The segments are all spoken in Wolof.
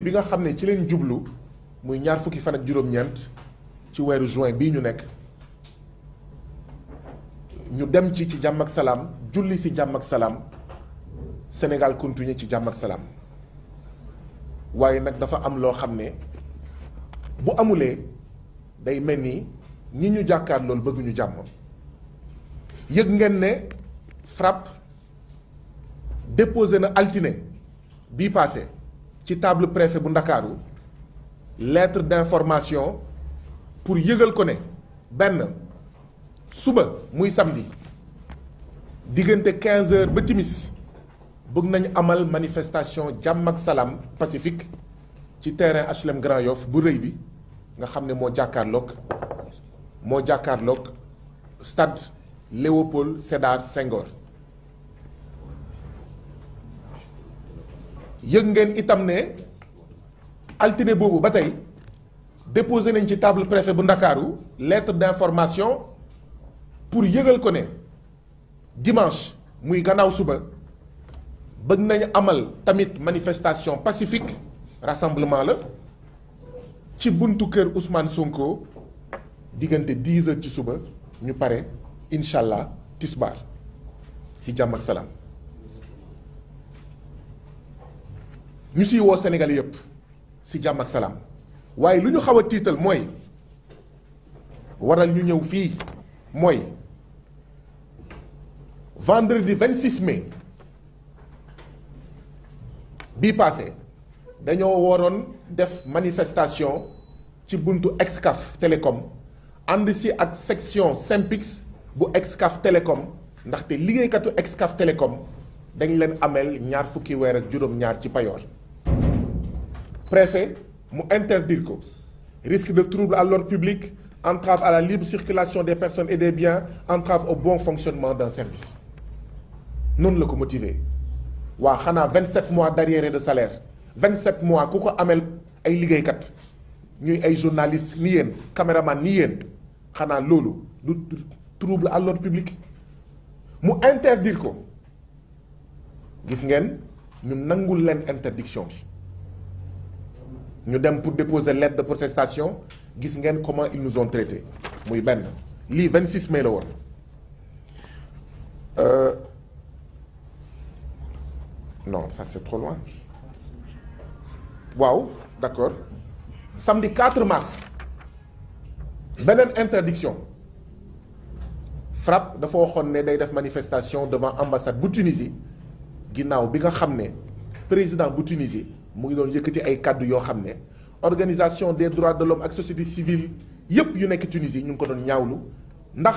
bi nga xam ne ci leen jublu muy ñaar fukki fan ak ci weeru juin bii ñu nekk ñu dem ci ci jàmm ak salaam julli si jàmm ak salaam Sénégal continuer ci jàmm ak salaam waaye nag dafa am loo xam ne bu amulee day mel ni ñi ñu jàkkaar loolu bëgguñu jàmm yëg ngeen ne FRAPP déposé na altine bi passé ci table préfet bu Ndakaaru lettre d'information pour yëgal ko ne benn suba muy samedi diggante 15 heures ba timis bëgg nañu amal manifestation jàmm ak salaam pacifique ci terrain HLM Grand Yoff bu rëy bi nga xam ne moo jàkkaarloog moo jàkkaarloog stade Léopold Sédar sengor yëg ngeen itam ne altine boobu ba tey déposé nañ ci table préfet bu Ndakaaru lettre d'information pour yëgal ko ne dimanche muy gannaaw suba bëgg nañu amal tamit manifestation pacifique rassemblement la ci buntu kër Ousmane Sonko diggante 10 heures ci suba ñu pare incha allah tisbaar ci jàmm ak salaam. ñu siy senegal Sénégal yëpp si jàmm ak salaam waaye lu ñu xaw a tiital mooy waral ñu ñëw fii mooy vendredi 26 mai bi passé dañoo waroon def manifestation ci buntu Excaf Télécom ànd si ak section Synpics bu Excaf Télécom ndaxte liggéeykatu Excaf Télécom dañ leen ameel ñaar fukki weer ak juróom-ñaar ci payoor préfet mu interdire ko risque de trouble à l'ordre public entrave à la libre circulation des personnes et des biens entrave au bon fonctionnement d'un service noonu la ko motiver waa xanaa vingt 27 mois d'arriérés de salaire vingt 27 mois ku ko amel ay liggéeykat ñuy ay journalistes ni yéen caméraman ni yéen xanaa loolu du trouble à l'ordre public mu interdire ko gis ngeen ñu nangul leen interdiction bi ñu dem pour déposer lettre de protestation gis ngeen comment ils nous ont traités muy benn lii 26 mai la woon euh... non ça c'est trop loin waaw d'accord samedi mars beneen interdiction FRAPP dafa waxoon ne day def manifestation devant ambassade bu Tunisie ginnaaw bi nga xam ne président bu Tunisie. mu ngi doon yëkkati ay kàddu yoo xam ne organisation des droits de l'homme ak société civile yépp yu nekk Tunisie ñu ngi ko doon ñaawlu ndax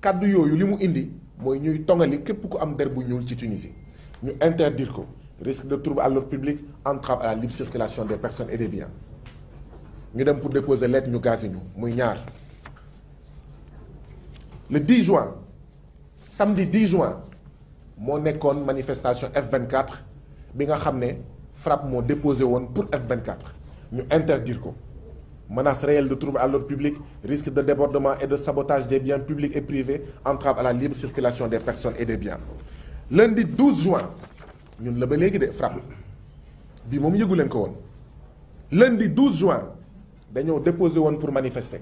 kàddu yooyu li mu indi mooy ñuy tongali képp ku am der bu ñuul ci Tunisie ñu interdire ko risque de trouble à l'ordre public entrave à la libre circulation de personnes et des biens ñu dem pour déposer lettre ñu gazé ñu muy ñaar le 10 juin samedi 10 juin moo nekkoon manifestation F24 bi nga xam ne FRAPP moo déposé woon pour F24 ñu interdire ko menace réelle de trouble à l'ordre public risque de débordement et de sabotage des biens publics et privés entrave à la libre circulation des personnes et des biens lundi 12 juin ñun la ba léegi de FRAPP bi moom yëgu leen ko woon lundi 12 juin dañoo déposé woon pour manifester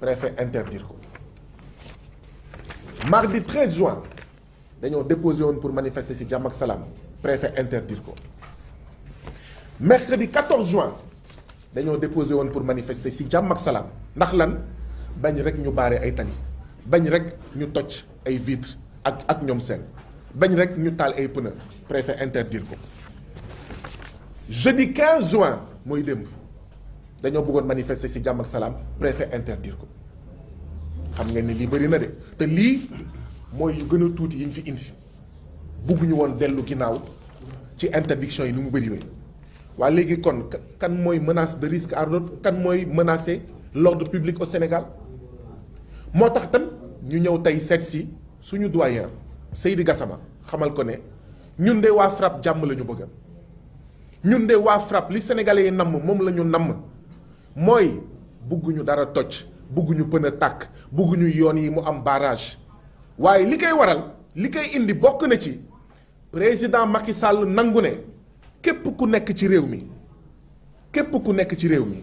préfet interdire ko mardi 13 juin dañoo déposé woon pour manifester ci jàmm ak salaam préfet interdire ko mercredi 14 juin dañoo déposé woon pour manifester ci jàmm ak salaam ndax lan bañ rek ñu baare ay tali bañ rek ñu toj ay vitre ak ak ñoom seen bañ rek ñu taal ay pneu préfet interdire ko jeudi 15 juin mooy démb dañoo bëggoon manifester ci jàmm ak salaam préfet interdire ko xam ngeen ni lii bëri na de te lii mooy yu gën a tuuti yi ñu fi indi bugguñu woon dellu ginnaaw ci interdiction yi lu mu bëri waa léegi kon kan mooy menace de risque à l'ordre kan mooy menacer l'ordre public au Sénégal moo tax tam ñu ñëw tey seet si suñu doyen Seydi Gassama xamal ko ne ñun de waa FRAPP jàmm la ñu bëgg ñun de waa FRAPP li sénégalais yi namm moom la ñu namm mooy bugguñu dara toj bugguñu pën a tàkk bugguñu yoon yi mu am barage waaye li koy waral li koy indi bokk na ci président Macky Sall nangu ne. képp ku nekk ci réew mi képp ku nekk ci réew mi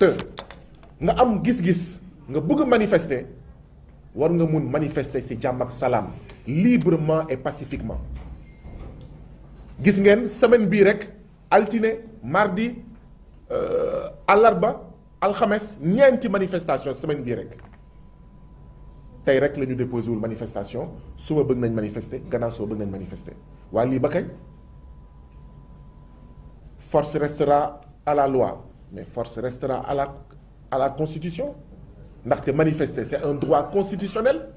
te nga am gis-gis nga bëgg manifester war nga mun manifester ci jàmm ak salaam librement et pacifiquement gis ngeen semaine bii rek altine mardi euh, àllarba alxames ñeenti manifestation semaine bii rek tey rek la ñu déposé wul manifestation suba bëgg nañ manifester gannaaw suba bëgg nañ manifester waaye lii ba kañ force restera à la loi mais force restera à la à la constitution ndaxte manifester c'est un droit constitutionnel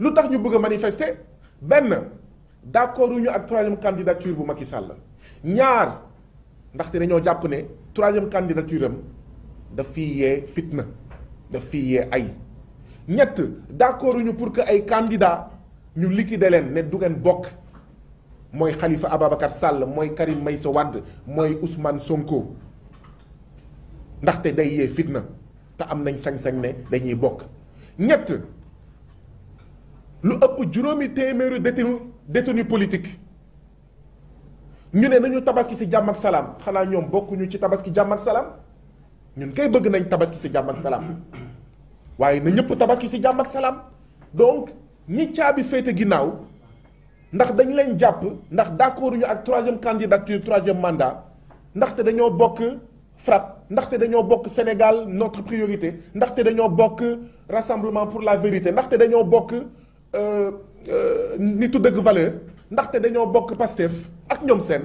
lu tax ñu bëgg a manifester benn d'accord ñu ak troisième candidature bu Macky Sall ñaar ndaxte dañoo jàpp ne troisième candidature am daf fii yee fitna daf fiy yee ay ñett d'accord ñu pour que ay candidats ñu liquider leen ne du ngeen bokk. mooy Khalifa Ababacar sàll mooy Karim Meïssa Wade mooy Ousmane Sonko ndaxte day yee fitna te am nañ sañ-sañ ne dañuy bokk ñett lu ëpp juróomi téeméeri détenu détenu politique ñu ne nañu tabaski si jàmm ak salaam xanaa ñoom bokkuñu ci tabaski jàmm ak salaam ñun kay bëgg nañ tabaski si jàmm ak salaam waaye na ñëpp tabaski ci jàmm ak salaam donc ñi caabi féete ginnaaw. ndax dañu leen jàpp ndax d'accord ñu ak troisième candidature troisième mandat ndaxte dañoo bokk FRAPP ndaxte dañoo bokk Sénégal notre priorité ndaxte dañoo bokk rassemblement pour la vérité ndaxte dañoo bokk euh, euh, nitu dëgg valeur ndaxte dañoo bokk Pastef ak ñoom seen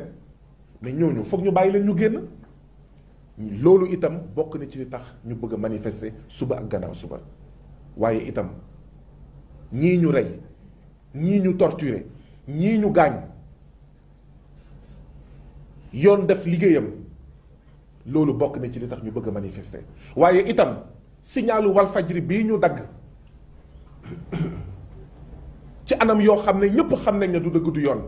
mais ñooñu foog ñu bàyyi leen ñu génn loolu itam bokk na ci li tax ñu bëgg a manifester suba ak gannaaw suba waaye itam ñii ñu rey ñii ñu torturer ñii ñu gaañ yoon def liggéeyam loolu bokk na ci li tax ñu bëgg a waaye itam signalu walfajir bii ñu dagg ci anam yoo xam ne ñëpp xam nañ ne du dëgg du yoon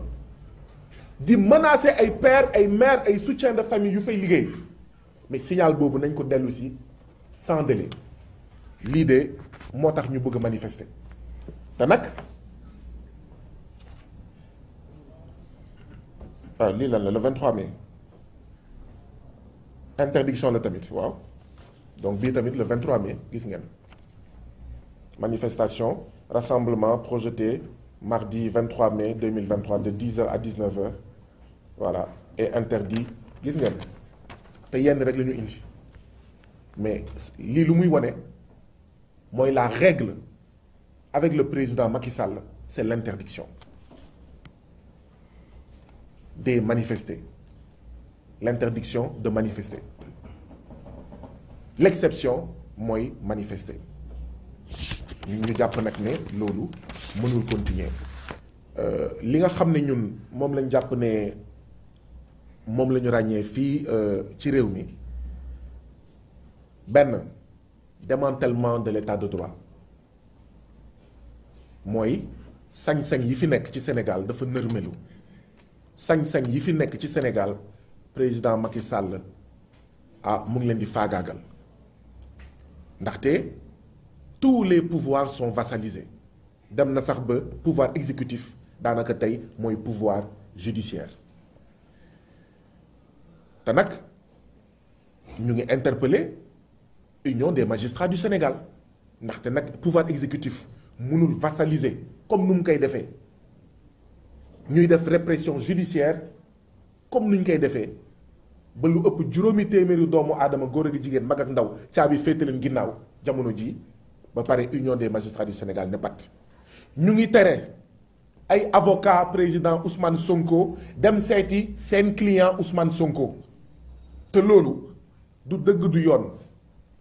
di menacer ay per ay mère ay soutien de famille yu fay liggéey mais signal boobu nañ ko dellusi si sans lii de moo tax ñu bëgg a manifester te nag. ah lii lan la le 23 mai interdiction la tamit waaw donc bii tamit le 23 mai gis ngeen manifestation rassemblement projeté mardi 23 mai 2023 de 10h à 19h voilà et interdit gis ngeen te yenn rek la indi mais lii lu muy wane mooy la règle avec le président Macky Sall c'est l'interdiction de manifestés. L'interdiction de manifester. L'exception, moi, manifester. ñu jàpp nag ne loolu mënul continuer euh, li nga xam ne ñun moom lañ jàpp ne moom lañu ràññee fii euh, ci réew mi benn démantèlement de l'état de droit mooy sañ-sañ yi fi nekk ci Sénégal dafa nërmelu sañ-sañ yi fi nekk ci Sénégal président Macky Sall ah mu ngi leen di faagaagal ndaxte tous les pouvoirs son vassalisés dem na sax ba pouvoir exécutif daanaka tey mooy pouvoir judiciaire te nag ñu ngi interpellé union de magistrats du Sénégal ndaxte nag pouvoir exécutif mënul vassaliser comme nu mu koy defee. ñuy def répression judiciaire comme nuñ koy defee ba lu ëpp juróomi téeméeri doomu aadama góor ak jigéen mag ndaw caabi féete ginnaaw jamono ji ba pare union des magistrats du Sénégal ne pat ñu ngi tere ay avocat président Ousmane Sonko dem seeti seen client Ousmane Sonko te loolu du dëgg du yoon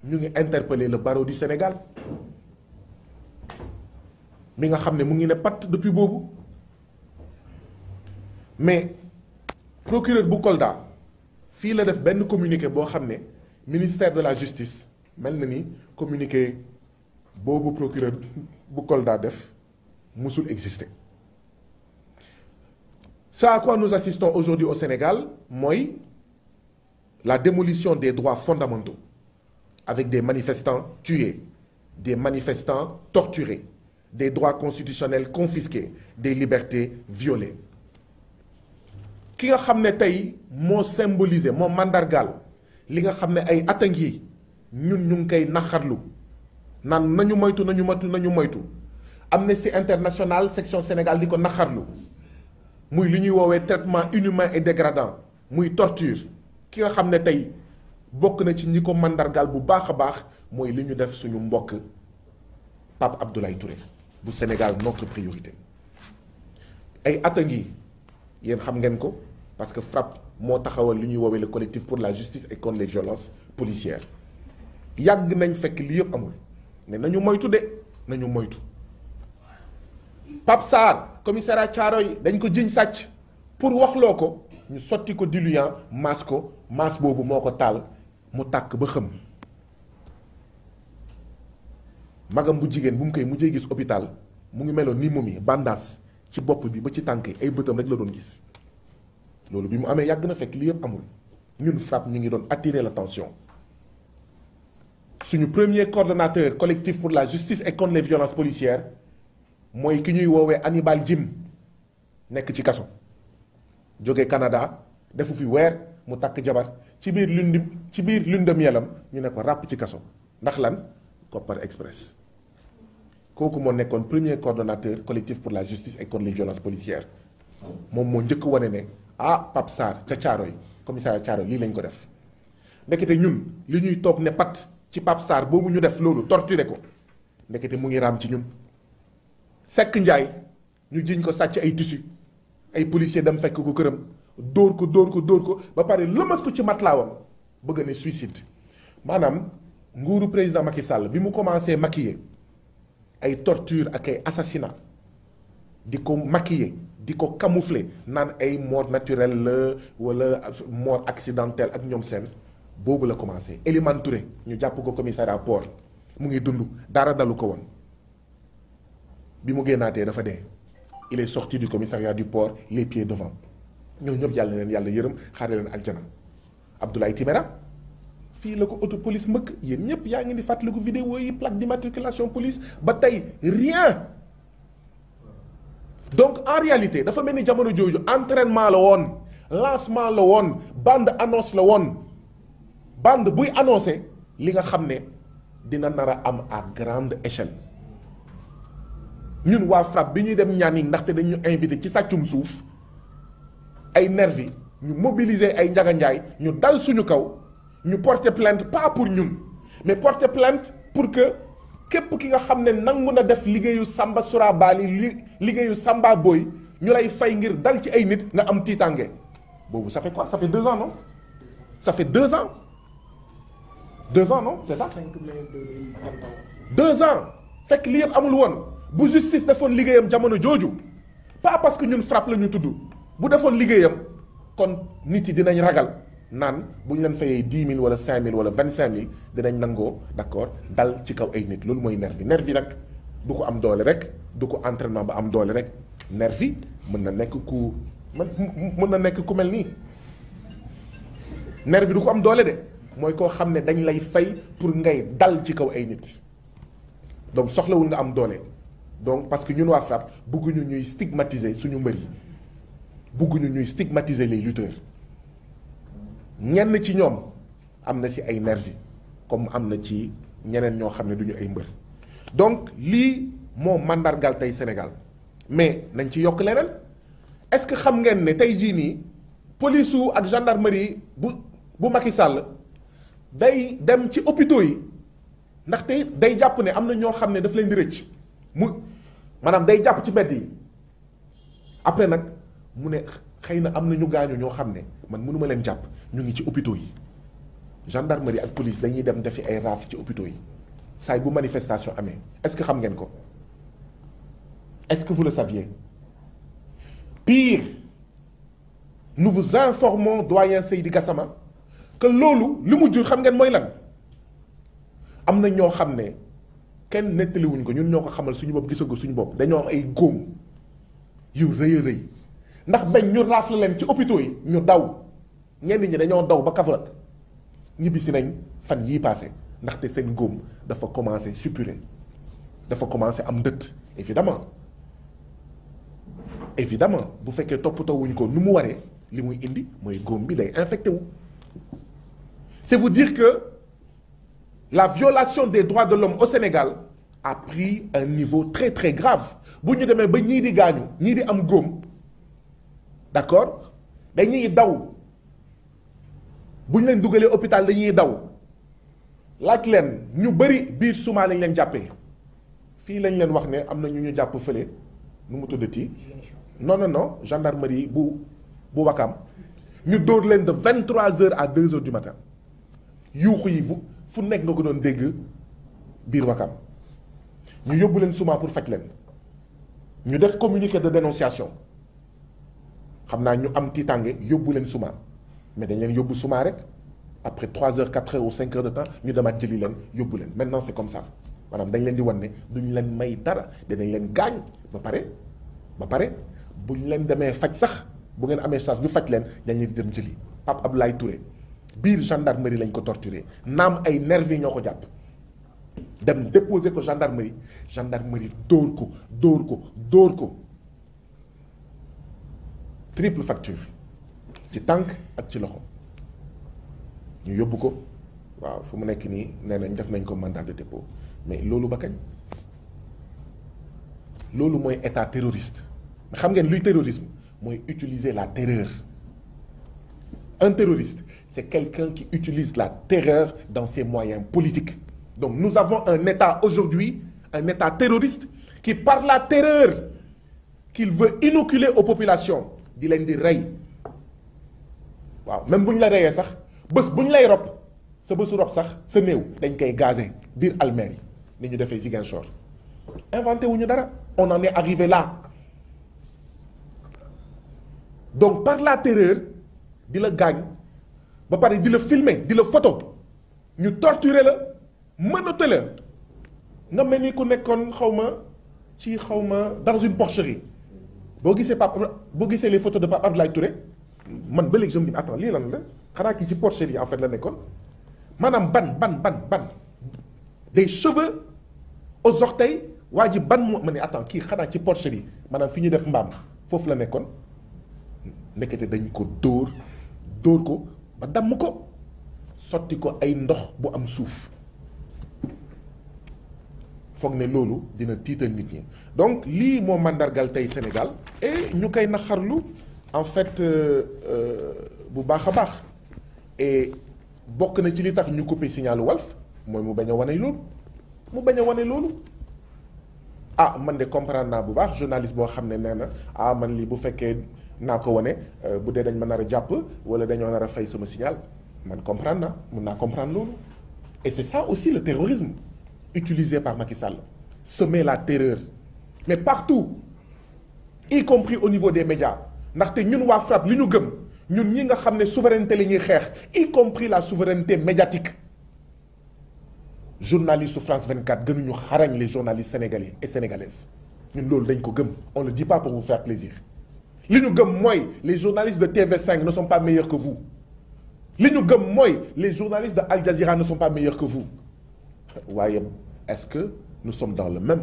ñu ngi interpeller la barreau du Sénégal mi nga xam ne mu ngi ne pat depuis boobu. mais procureur bu Kolda fii la def benn communiqué boo xam ne ministère de la justice mel na ni communiqué boobu procureur bu Kolda def musul exister ce à quoi nous assistons aujourd'hui au Sénégal mooy la démolition des droits fondamentaux avec des manifestants tués des manifestants torturés des droits constitutionnels confisqués des libertés violées ki nga xam ne tey moo symboliser moo mandargaal li nga xam ne ay at a ngi ñun ñu ngi koy naxarlu naan nañu moytu na nañu moytu nañu moytu Amnesty International section Sénégal di ko naxarlu muy li ñuy woowee traitement inhumain et dégradant muy torture ki nga xam ne tey bokk na ci ñi ko mandargaal bu baax a baax mooy li ñu def suñu mbokk Pape Abdoulaye Touré bu Sénégal notre priorité ay at a ngi yéen xam ngeen ko parce que FRAPP moo taxawal li ñuy woowee le collectif pour la justice et contre les violences yàgg nañ fekk lii yëpp amul ne nañu moytu de nañu moytu Pape Sarr commissariat Thiaroye dañ ko jiñ sàcc pour waxloo ko ñu sotti ko diluant maas ko maas boobu moo ko taal mu tàkk ba xëm magam bu jigéen bu mu koy mujjee gis hôpital mu ngi meloon ni moom yi bandaas ci bopp bi ba ci tànk yi ay bëtam rek la doon gis loolu bi mu amee yàgg na fekk li yëpp amul ñun FRAPP ñu ngi doon attirer l'attention suñu premier coordonnateur collectif pour la justice et contre les mooy ki ñuy woowee Hannibal Jim nekk ci kaso jóge Canada defu fi weer mu takk jabar ci biir lundi ci biir lundem yelam ñu ne ko ràpp ci kaso ndax lan Kopar Express kooku moo nekkoon premier coordonnateur collectif pour la justice et contre les violences moom moo njëkk wane ne ah Pape Sarr ca Thiaroye commissariat Thiaroye lii lañ ko def ndekete ñun li ñuy toog ne pat ci Pape Sarr boobu ñu def loolu torturé ko ndekete mu ngi raam ci ñun sekk Ndiaye ñu jiñ ko sàcc ay tissu ay policier dem fekk ko këram dóor ko dóor ko dóor ko ba pare lëmas ko ci matlaawam bëgg ne suicide maanaam nguuru président Macky Sall bi mu commencé maquiller ay torture ak ay assassinat di ko maquiller di ko camoufler naan ay mort naturelle la wala mort accidentelle ak ñoom seen boobu la commencé Elimane ñu jàpp ko commissariat port mu ngi dund dara dalu ko woon bi mu génnaatee dafa dee il est sorti du commissariat du port les pieds devant ñoo ñëpp yàlla leen yàlla yërëm xaare leen aljana Abdoulaye Timéra fii la ko oto police mbëkk yéen ñëpp yaa ngi di fàttaliku vidéo yi plaque d'immatriculation police ba tey rien donc en réalité dafa mel ni jamono jooju entrainement la woon lancement la woon band annonce la woon bande buy annoncé li nga xam ne dina nar am à grande échelle ñun waa FRAPP bi ñuy dem ñaan ñaani ndaxte dañu invité ci sàccum suuf ay nervi ñu mobiliser ay njaganjaay ñu dal suñu kaw ñu porter plainte pas pour ñun mais porter plainte pour que képp ki nga xam ne nangu na def liggéeyu Samba Surabali li liggéeyu Samba booy ñu lay fay ngir dal ci ay nit nga am tiitange boobu ça ko quoi ça fait deux ans non ça fait deux ans deux ans non fekk li yëpp amul woon bu justice defoon liggéeyam jamono jooju pas parce que ñun frappe la tudd bu defoon liggéeyam kon nit yi dinañ ragal naan bu ñu leen fayee dix mille wala cinq mille wala vingt cinq mille dinañ nangoo d'accord dal ci kaw ay nit loolu mooy nervi nervi nag du ko am doole rek du ko entraînement ba am doole rek nervi mën na nekk ku man na nekk ku mel nii nervi du ko am doole de mooy koo xam ne dañ lay fay pour ngay dal ci kaw ay nit donc soxlawul nga am doole donc parce que ñun waa FRAPP bëgguñu ñuy stigmatiser suñu mbër yi bëgguñu ñuy stigmatiser les lutteurs ñenn ci ñoom am na si ay nervi comme am na ci ñeneen ñoo xam ne du ñu ay mbër donc lii moo màndargal tey Sénégal mais nañ ci yokk leneen est-ce que xam ngeen ne tey jii nii police wu ak gendarmerie bu bu Macky Sall day dem ci hôpitaux yi ndaxte day jàpp ne am na ñoo xam ne daf leen di rëcc mu maanaam day jàpp ci mbedd yi après nag mu ne xëy na am na ñu gaañu ñoo xam ne man mënuma leen jàpp ñu ngi ci hôpitaux yi gendarmerie ak police dañuy dem defi ay raaf ci opito yi saay bu manifestation amee est-ce que xam ngeen ko est-ce que vous le saviez pire nous vous informons doyen Seydi Gassama que loolu li mu jur xam ngeen mooy lan am na ñoo xam ne kenn nettaliwuñ ko ñun ñoo ko xamal suñu bopp gisagu suñu bopp dañoo am ay góom yu rëy a rëy ndax bañ ñu raaf la leen ci opito yi ñu daw. ñenn ñi dañoo daw ba Kaffrine ñibbisi nañ fan yii passé ndaxte seen góom dafa commencé suppurer dafa commencé am ndët évidemment évidemment bu fekkee toppatoo wuñ ko ni mu waree li muy indi mooy góom bi day infecté wu c'est vous dire que la violation des droits de l'homme au Sénégal a pris un niveau très très grave bu ñu demee ba ñii di gaañu ñii di am góom d'accord dañuy daw bu ñu leen dugalee hôpital dañuy daw laaj leen ñu bëri biir suma lañ leen jàppee fii lañ leen wax ne am na ñu ñu jàpp fële nu mu tuddati non non non gendarmerie bu bu Wakam ñu dóor leen de vingt trois heures à deux heures du matin yuuxu yi fu fu nekk nga ko doon dégg biir Wakam ñu yóbbu leen suma pour faj leen ñu def communiqué de dénonciation xam naa ñu am tiitange yóbbu leen suma mais dañ leen yóbbu suma rek après 3 heures 4 heures ou 5 heures de temps ñu demaat jëli leen yóbbu leen maintenant c'est comme sax maanaam dañ leen di wan ne duñ leen may dara danañ leen gaañ ba pare ba pare bu ñu leen demee faj sax bu ngeen amee chance ñu faj leen dañ leen di dem jëli Pape Abdoulaye Touré biir gendarmerie lañ ko torturé naam ay nervi ñoo ko jàpp dem déposer ko gendarmerie gendarmerie dóor ko dóor ko dóor ko triple facture. ci tànk ak ci loxo ñu yóbbu ko waaw fu mu nekk nii nee nañ def nañ ko mandat de dépôt mais loolu ba kañ loolu mooy état terroriste xam ngeen luy terrorisme mooy utiliser la téreur un terroriste c'est quelqu'un qui utilise la terreur dans ses moyens politiques donc nous avons un état aujourd'hui un état terroriste qui par la téreur qu'il veut inoculer aux populations di leen di rey waaw même bu ñu la reyee sax bés bu ñu lay rob sa bésu rob sax sa néew dañ koy gazé biir almeer yi ni ñu defee Ziguinchor inventé wu ñu dara on en est arrivé la donc par la terreur di la gaañ ba pare di la filmer di la photo ñu torturer la mënate la nga mel ni ku nekkoon xaw ma ci xaw ma dans une porcherie boo gisee Pape boo gisee les photos de Pape Abdoulaye ture man ba léegi je me dis attends lii lan la xanaa kii ci porcherie en fait la nekkoon maanaam ban ban ban ban des cheveux aux orteils waa ji ban moo ma ne attends kii xanaa ci porcherie maanaam fi ñu def mbaam foofu la nekkoon nekkete dañ ko dóor dóor ko ba damm ko sotti ko ay ndox bu am suuf foog ne loolu dina tiital nit ñi donc lii moo màndargal tey Sénégal et ñu koy naxarlu en fait euh, euh, bu baax a baax et bokk na ci li tax ñu coupé signalu Walf mooy mu bañ a wane loolu mu bañ a wane loolu ah man de comprendre naa bu baax journaliste boo xam ne nee na ah man lii bu fekkee naa ko wane euh, bu dee dañ ma nar a jàpp wala dañoo nar a fay sama signal man comprendre naa mun naa comprendre loolu et c'est ça aussi le terrorisme utilisé par Macky Sall semer la terreur mais partout y compris au niveau des médias ndaxte ñun waa FRAPP li ñu gëm ñun ñi nga xam ne souveraineté la ñuy xeex y compris la souveraineté médiatique journaliste su France 24 gënuñu xarañ les journalistes sénégalais et sénégalaises ñun loolu dañ ko gëm on le dit pas pour vous faire plaisir li ñu gëm mooy les journalistes de TV5 ne sont pas meilleurs que vous li ñu gëm mooy les journalistes de Al Jazeera ne sont pas meilleurs que vous waaye est-ce que nous sommes dans le